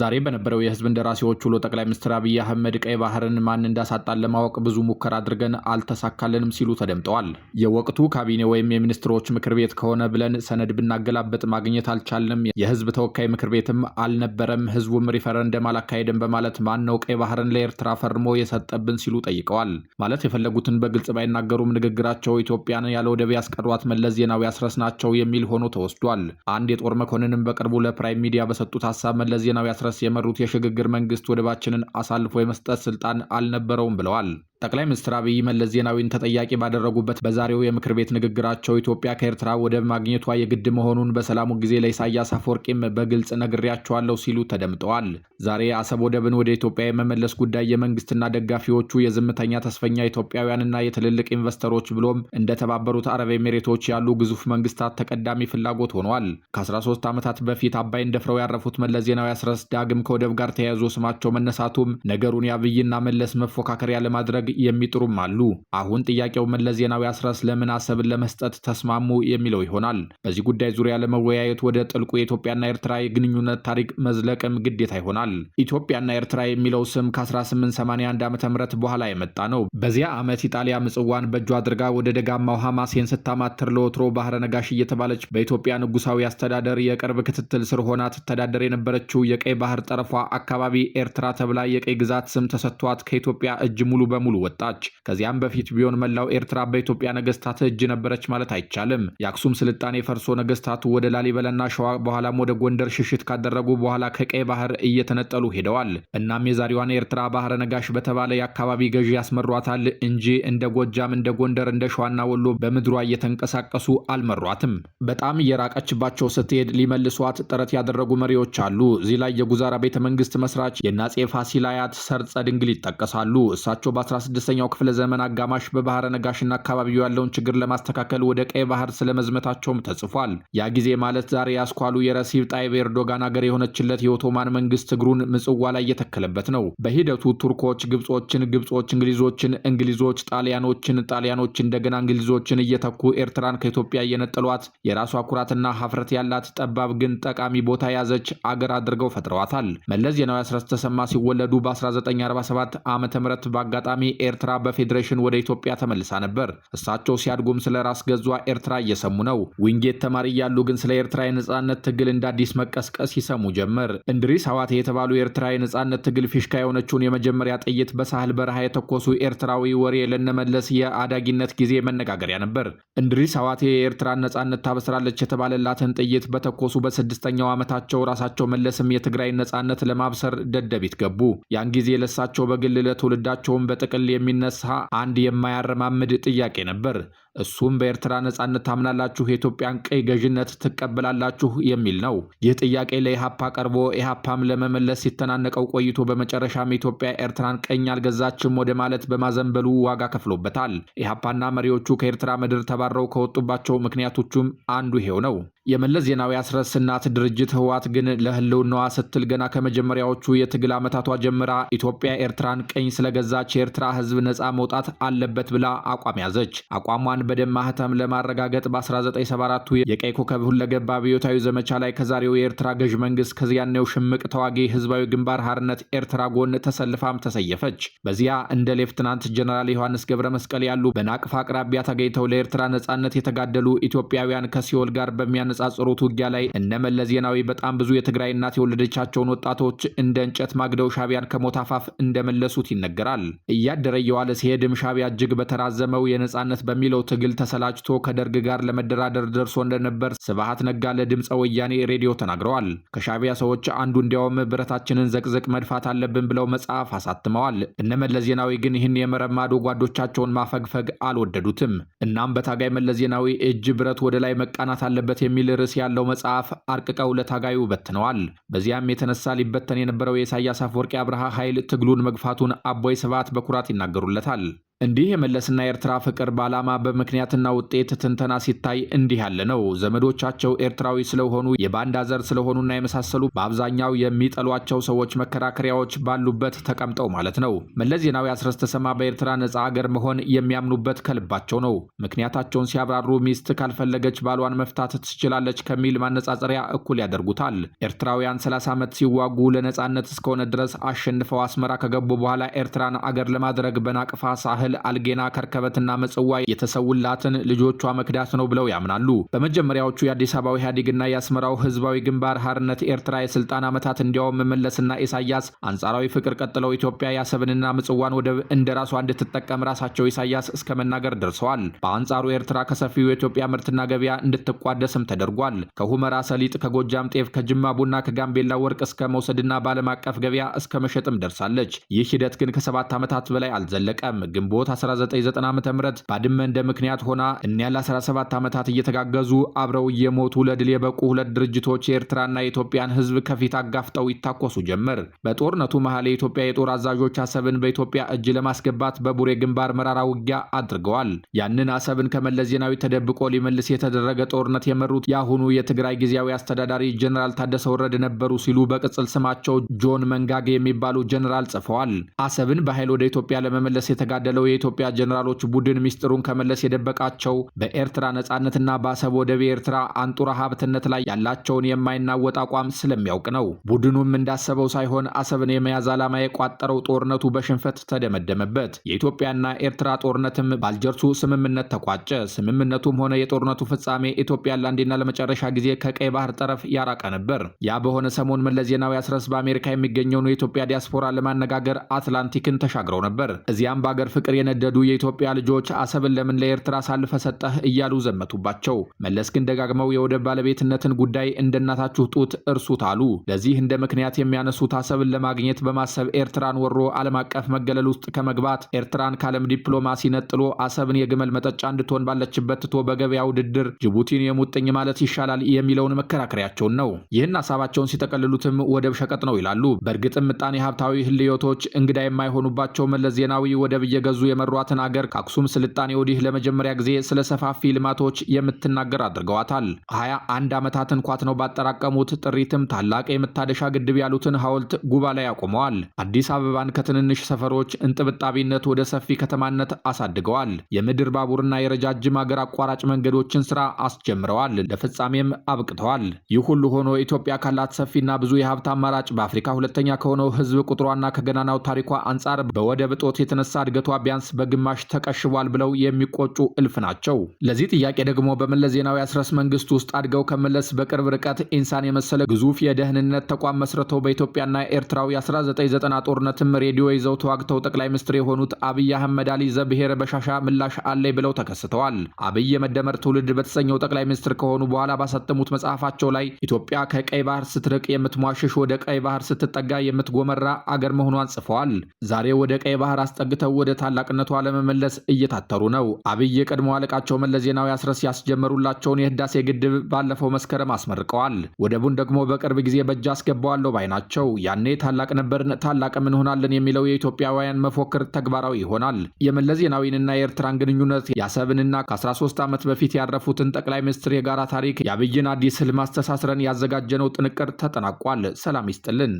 ዛሬ በነበረው የህዝብ እንደራሴዎች ውሎ ጠቅላይ ሚኒስትር አብይ አህመድ ቀይ ባህርን ማን እንዳሳጣን ለማወቅ ብዙ ሙከራ አድርገን አልተሳካልንም ሲሉ ተደምጠዋል። የወቅቱ ካቢኔ ወይም የሚኒስትሮች ምክር ቤት ከሆነ ብለን ሰነድ ብናገላበጥ ማግኘት አልቻልንም፣ የህዝብ ተወካይ ምክር ቤትም አልነበረም፣ ህዝቡም ሪፈረንደም አላካሄደም በማለት ማን ነው ቀይ ባህርን ለኤርትራ ፈርሞ የሰጠብን ሲሉ ጠይቀዋል። ማለት የፈለጉትን በግልጽ ባይናገሩም ንግግራቸው ኢትዮጵያን ያለ ወደብ ያስቀሯት መለስ ዜናዊ አስረስ ናቸው የሚል ሆኖ ተወስዷል። አንድ የጦር መኮንንም በቅርቡ ለፕራይም ሚዲያ በሰጡት ሀሳብ መለስ ዜናዊ በማፍረስ የመሩት የሽግግር መንግስት ወደባችንን አሳልፎ የመስጠት ስልጣን አልነበረውም ብለዋል። ጠቅላይ ሚኒስትር አብይ መለስ ዜናዊን ተጠያቂ ባደረጉበት በዛሬው የምክር ቤት ንግግራቸው ኢትዮጵያ ከኤርትራ ወደብ ማግኘቷ የግድ መሆኑን በሰላሙ ጊዜ ለኢሳያስ አፈወርቂም በግልጽ ነግሬያቸዋለሁ ሲሉ ተደምጠዋል። ዛሬ አሰብ ወደብን ወደ ኢትዮጵያ የመመለስ ጉዳይ የመንግስትና ደጋፊዎቹ የዝምተኛ ተስፈኛ ኢትዮጵያውያንና የትልልቅ ኢንቨስተሮች ብሎም እንደተባበሩት አረብ ኤሜሬቶች ያሉ ግዙፍ መንግስታት ተቀዳሚ ፍላጎት ሆኗል። ከ13 ዓመታት በፊት አባይን ደፍረው ያረፉት መለስ ዜናዊ አስረስ ዳግም ከወደብ ጋር ተያይዞ ስማቸው መነሳቱም ነገሩን የአብይና መለስ መፎካከሪያ ለማድረግ ለማድረግ የሚጥሩም አሉ። አሁን ጥያቄው መለስ ዜናዊ አስረስ ለምን አሰብን ለመስጠት ተስማሙ የሚለው ይሆናል። በዚህ ጉዳይ ዙሪያ ለመወያየት ወደ ጥልቁ የኢትዮጵያና ኤርትራ የግንኙነት ታሪክ መዝለቅም ግዴታ ይሆናል። ኢትዮጵያና ኤርትራ የሚለው ስም ከ1881 ዓ ም በኋላ የመጣ ነው። በዚያ ዓመት ኢጣሊያ ምጽዋን በእጇ አድርጋ ወደ ደጋማው ሐማሴን ስታማትር ለወትሮ ባህረ ነጋሽ እየተባለች በኢትዮጵያ ንጉሳዊ አስተዳደር የቅርብ ክትትል ስር ሆና ትተዳደር የነበረችው የቀይ ባህር ጠረፏ አካባቢ ኤርትራ ተብላ የቀይ ግዛት ስም ተሰጥቷት ከኢትዮጵያ እጅ ሙሉ በሙሉ በሙሉ ወጣች። ከዚያም በፊት ቢሆን መላው ኤርትራ በኢትዮጵያ ነገስታት እጅ ነበረች ማለት አይቻልም። የአክሱም ስልጣኔ ፈርሶ ነገስታቱ ወደ ላሊበላና ሸዋ በኋላም ወደ ጎንደር ሽሽት ካደረጉ በኋላ ከቀይ ባህር እየተነጠሉ ሄደዋል። እናም የዛሬዋን ኤርትራ ባህረ ነጋሽ በተባለ የአካባቢ ገዢ ያስመሯታል እንጂ እንደ ጎጃም፣ እንደ ጎንደር፣ እንደ ሸዋና ወሎ በምድሯ እየተንቀሳቀሱ አልመሯትም። በጣም እየራቀችባቸው ስትሄድ ሊመልሷት ጥረት ያደረጉ መሪዎች አሉ። እዚህ ላይ የጉዛራ ቤተ መንግስት መስራች የናጼ ፋሲል አያት ሰርጸ ድንግል ይጠቀሳሉ። እሳቸው በ ስድስተኛው ክፍለ ዘመን አጋማሽ በባህረ ነጋሽና አካባቢው ያለውን ችግር ለማስተካከል ወደ ቀይ ባህር ስለመዝመታቸውም ተጽፏል። ያ ጊዜ ማለት ዛሬ ያስኳሉ የረሲብ ጣይብ ኤርዶጋን አገር የሆነችለት የኦቶማን መንግስት እግሩን ምጽዋ ላይ እየተከለበት ነው። በሂደቱ ቱርኮች ግብጾችን፣ ግብጾች እንግሊዞችን፣ እንግሊዞች ጣሊያኖችን፣ ጣሊያኖች እንደገና እንግሊዞችን እየተኩ ኤርትራን ከኢትዮጵያ እየነጠሏት የራሷ ኩራትና ሀፍረት ያላት ጠባብ ግን ጠቃሚ ቦታ የያዘች አገር አድርገው ፈጥረዋታል። መለስ ዜናዊ አስራት ተሰማ ሲወለዱ በ1947 ዓ ም በአጋጣሚ ኤርትራ በፌዴሬሽን ወደ ኢትዮጵያ ተመልሳ ነበር። እሳቸው ሲያድጉም ስለ ራስ ገዟ ኤርትራ እየሰሙ ነው። ዊንጌት ተማሪ እያሉ ግን ስለ ኤርትራ የነጻነት ትግል እንደ አዲስ መቀስቀስ ይሰሙ ጀመር። እንድሪስ አዋት የተባሉ ኤርትራ የነጻነት ትግል ፊሽካ የሆነችውን የመጀመሪያ ጥይት በሳህል በረሃ የተኮሱ ኤርትራዊ ወሬ ለነመለስ የአዳጊነት ጊዜ መነጋገሪያ ነበር። እንድሪስ ሐዋቴ የኤርትራን ነጻነት ታበስራለች የተባለላትን ጥይት በተኮሱ በስድስተኛው ዓመታቸው ራሳቸው መለስም የትግራይ ነጻነት ለማብሰር ደደቢት ገቡ። ያን ጊዜ ለሳቸው በግል ለትውልዳቸውም በጥቅል የሚነሳ አንድ የማያረማምድ ጥያቄ ነበር። እሱም በኤርትራ ነጻነት ታምናላችሁ፣ የኢትዮጵያን ቀይ ገዥነት ትቀበላላችሁ የሚል ነው። ይህ ጥያቄ ለኢሃፓ ቀርቦ ኢሃፓም ለመመለስ ሲተናነቀው ቆይቶ በመጨረሻም ኢትዮጵያ ኤርትራን ቀኝ አልገዛችም ወደ ማለት በማዘንበሉ ዋጋ ከፍሎበታል። ኢሃፓና መሪዎቹ ከኤርትራ ምድር ተባረው ከወጡባቸው ምክንያቶቹም አንዱ ይሄው ነው። የመለስ ዜናዊ አስረስ እናት ድርጅት ህወሓት ግን ለህልውናዋ ስትል ገና ከመጀመሪያዎቹ የትግል ዓመታቷ ጀምራ ኢትዮጵያ ኤርትራን ቀኝ ስለገዛች የኤርትራ ህዝብ ነፃ መውጣት አለበት ብላ አቋም ያዘች። አቋሟን በደም ማህተም ለማረጋገጥ በ1974 የቀይ ኮከብ ሁለገብ አብዮታዊ ዘመቻ ላይ ከዛሬው የኤርትራ ገዥ መንግስት ከዚያኔው ሽምቅ ተዋጊ ህዝባዊ ግንባር ሀርነት ኤርትራ ጎን ተሰልፋም ተሰየፈች። በዚያ እንደ ሌፍትናንት ጀነራል ዮሐንስ ገብረ መስቀል ያሉ በናቅፋ አቅራቢያ ተገኝተው ለኤርትራ ነጻነት የተጋደሉ ኢትዮጵያውያን ከሲኦል ጋር በሚያነጻጽሩት ውጊያ ላይ መለስ ዜናዊ በጣም ብዙ የትግራይ እናት የወለደቻቸውን ወጣቶች እንደ እንጨት ማግደው ሻቢያን ከሞት አፋፍ እንደመለሱት ይነገራል። እያደረ የዋለ ሲሄድም ሻቢያ እጅግ በተራዘመው የነጻነት በሚለው ትግል ተሰላችቶ ከደርግ ጋር ለመደራደር ደርሶ እንደነበር ስብሃት ነጋ ለድምፀ ወያኔ ሬዲዮ ተናግረዋል። ከሻቢያ ሰዎች አንዱ እንዲያውም ብረታችንን ዘቅዘቅ መድፋት አለብን ብለው መጽሐፍ አሳትመዋል። እነመለስ ዜናዊ ግን ይህን የመረብ ማዶ ጓዶቻቸውን ማፈግፈግ አልወደዱትም። እናም በታጋይ መለስ ዜናዊ እጅ ብረት ወደ ላይ መቃናት አለበት የሚል ርዕስ ያለው መጽሐፍ አርቅቀው ለታጋዩ በትነዋል። በዚያም የተነሳ ሊበተን የነበረው የኢሳያስ አፈወርቂ አብርሃ ኃይል ትግሉን መግፋቱን አቦይ ስብሃት በኩራት ይናገሩለታል። እንዲህ የመለስና የኤርትራ ፍቅር በዓላማ በምክንያትና ውጤት ትንተና ሲታይ እንዲህ ያለ ነው። ዘመዶቻቸው ኤርትራዊ ስለሆኑ የባንዳ ዘር ስለሆኑና የመሳሰሉ በአብዛኛው የሚጠሏቸው ሰዎች መከራከሪያዎች ባሉበት ተቀምጠው ማለት ነው። መለስ ዜናዊ አስረስ ተሰማ በኤርትራ ነፃ አገር መሆን የሚያምኑበት ከልባቸው ነው። ምክንያታቸውን ሲያብራሩ ሚስት ካልፈለገች ባሏን መፍታት ትችላለች ከሚል ማነጻጸሪያ እኩል ያደርጉታል። ኤርትራውያን 30 ዓመት ሲዋጉ ለነፃነት እስከሆነ ድረስ አሸንፈው አስመራ ከገቡ በኋላ ኤርትራን አገር ለማድረግ በናቅፋ ሳህል ያህል አልጌና ከርከበትና መጽዋ የተሰውላትን ልጆቿ መክዳት ነው ብለው ያምናሉ። በመጀመሪያዎቹ የአዲስ አበባው ኢህአዴግና የአስመራው ህዝባዊ ግንባር ሀርነት ኤርትራ የስልጣን ዓመታት እንዲያውም መለስና ኢሳያስ አንጻራዊ ፍቅር ቀጥለው ኢትዮጵያ የአሰብንና ምጽዋን ወደብ እንደ ራሷ እንድትጠቀም ራሳቸው ኢሳያስ እስከ መናገር ደርሰዋል። በአንጻሩ ኤርትራ ከሰፊው የኢትዮጵያ ምርትና ገበያ እንድትቋደስም ተደርጓል። ከሁመራ ሰሊጥ፣ ከጎጃም ጤፍ፣ ከጅማ ቡና፣ ከጋምቤላ ወርቅ እስከ መውሰድና በዓለም አቀፍ ገበያ እስከ መሸጥም ደርሳለች። ይህ ሂደት ግን ከሰባት ዓመታት በላይ አልዘለቀም። ግንቦ ግንቦት 1990 ዓ ም ባድመ እንደ ምክንያት ሆና እኒያ ለ17 ዓመታት እየተጋገዙ አብረው እየሞቱ ለድል የበቁ ሁለት ድርጅቶች የኤርትራና የኢትዮጵያን ሕዝብ ከፊት አጋፍጠው ይታኮሱ ጀመር። በጦርነቱ መሀል የኢትዮጵያ የጦር አዛዦች አሰብን በኢትዮጵያ እጅ ለማስገባት በቡሬ ግንባር መራራ ውጊያ አድርገዋል። ያንን አሰብን ከመለስ ዜናዊ ተደብቆ ሊመልስ የተደረገ ጦርነት የመሩት የአሁኑ የትግራይ ጊዜያዊ አስተዳዳሪ ጀኔራል ታደሰ ወረደ ነበሩ ሲሉ በቅጽል ስማቸው ጆን መንጋጌ የሚባሉ ጀኔራል ጽፈዋል። አሰብን በኃይል ወደ ኢትዮጵያ ለመመለስ የተጋደለው የኢትዮጵያ ጀኔራሎች ቡድን ሚስጥሩን ከመለስ የደበቃቸው በኤርትራ ነጻነትና በአሰብ ወደብ የኤርትራ አንጡራ ሀብትነት ላይ ያላቸውን የማይናወጥ አቋም ስለሚያውቅ ነው። ቡድኑም እንዳሰበው ሳይሆን አሰብን የመያዝ ዓላማ የቋጠረው ጦርነቱ በሽንፈት ተደመደመበት። የኢትዮጵያና ኤርትራ ጦርነትም ባልጀርሱ ስምምነት ተቋጨ። ስምምነቱም ሆነ የጦርነቱ ፍጻሜ ኢትዮጵያን ለአንዴና ለመጨረሻ ጊዜ ከቀይ ባህር ጠረፍ ያራቀ ነበር። ያ በሆነ ሰሞን መለስ ዜናዊ አስረስ በአሜሪካ የሚገኘውን የኢትዮጵያ ዲያስፖራ ለማነጋገር አትላንቲክን ተሻግረው ነበር። እዚያም በአገር ፍቅር የነደዱ የኢትዮጵያ ልጆች አሰብን ለምን ለኤርትራ አሳልፈ ሰጠህ እያሉ ዘመቱባቸው። መለስ ግን ደጋግመው የወደብ ባለቤትነትን ጉዳይ እንደናታችሁ ጡት እርሱት አሉ። ለዚህ እንደ ምክንያት የሚያነሱት አሰብን ለማግኘት በማሰብ ኤርትራን ወሮ ዓለም አቀፍ መገለል ውስጥ ከመግባት ኤርትራን ከዓለም ዲፕሎማሲ ነጥሎ አሰብን የግመል መጠጫ እንድትሆን ባለችበት ትቶ በገበያ ውድድር ጅቡቲን የሙጥኝ ማለት ይሻላል የሚለውን መከራከሪያቸውን ነው። ይህን ሀሳባቸውን ሲጠቀልሉትም ወደብ ሸቀጥ ነው ይላሉ። በእርግጥም ምጣኔ ሀብታዊ ህልዮቶች እንግዳ የማይሆኑባቸው መለስ ዜናዊ ወደብ እየገዙ የመሯትን አገር ከአክሱም ስልጣኔ ወዲህ ለመጀመሪያ ጊዜ ስለ ሰፋፊ ልማቶች የምትናገር አድርገዋታል። ሀያ አንድ ዓመታት እንኳት ነው ባጠራቀሙት ጥሪትም ታላቅ የመታደሻ ግድብ ያሉትን ሐውልት ጉባ ላይ አቁመዋል። አዲስ አበባን ከትንንሽ ሰፈሮች እንጥብጣቢነት ወደ ሰፊ ከተማነት አሳድገዋል። የምድር ባቡርና የረጃጅም አገር አቋራጭ መንገዶችን ስራ አስጀምረዋል፣ ለፍጻሜም አብቅተዋል። ይህ ሁሉ ሆኖ ኢትዮጵያ ካላት ሰፊና ብዙ የሀብት አማራጭ በአፍሪካ ሁለተኛ ከሆነው ህዝብ ቁጥሯና ከገናናው ታሪኳ አንጻር በወደብ እጦት የተነሳ እድገቷ ቢያንስ ቢያንስ በግማሽ ተቀሽቧል ብለው የሚቆጩ እልፍ ናቸው። ለዚህ ጥያቄ ደግሞ በመለስ ዜናዊ አስረስ መንግስት ውስጥ አድገው ከመለስ በቅርብ ርቀት ኢንሳን የመሰለ ግዙፍ የደህንነት ተቋም መስርተው በኢትዮጵያና ኤርትራው የ1990 ጦርነትም ሬዲዮ ይዘው ተዋግተው ጠቅላይ ሚኒስትር የሆኑት አብይ አህመድ አሊ ዘብሔር በሻሻ ምላሽ አለይ ብለው ተከስተዋል። አብይ የመደመር ትውልድ በተሰኘው ጠቅላይ ሚኒስትር ከሆኑ በኋላ ባሳተሙት መጽሐፋቸው ላይ ኢትዮጵያ ከቀይ ባህር ስትርቅ የምትሟሽሽ ወደ ቀይ ባህር ስትጠጋ የምትጎመራ አገር መሆኗን ጽፈዋል። ዛሬ ወደ ቀይ ባህር አስጠግተው ወደ ታላቅ ታላቅነቱ አለመመለስ እየታተሩ ነው። አብይ የቀድሞ አለቃቸው መለስ ዜናዊ አስረስ ያስጀመሩላቸውን የህዳሴ ግድብ ባለፈው መስከረም አስመርቀዋል። ወደቡን ደግሞ በቅርብ ጊዜ በእጅ አስገባዋለሁ ባይ ናቸው። ያኔ ታላቅ ነበርን፣ ታላቅም እንሆናለን የሚለው የኢትዮጵያውያን መፎክር ተግባራዊ ይሆናል። የመለስ ዜናዊንና የኤርትራን ግንኙነት የአሰብንና ከ13 ዓመት በፊት ያረፉትን ጠቅላይ ሚኒስትር የጋራ ታሪክ የአብይን አዲስ ህልም አስተሳስረን ያዘጋጀነው ጥንቅር ተጠናቋል። ሰላም ይስጥልን።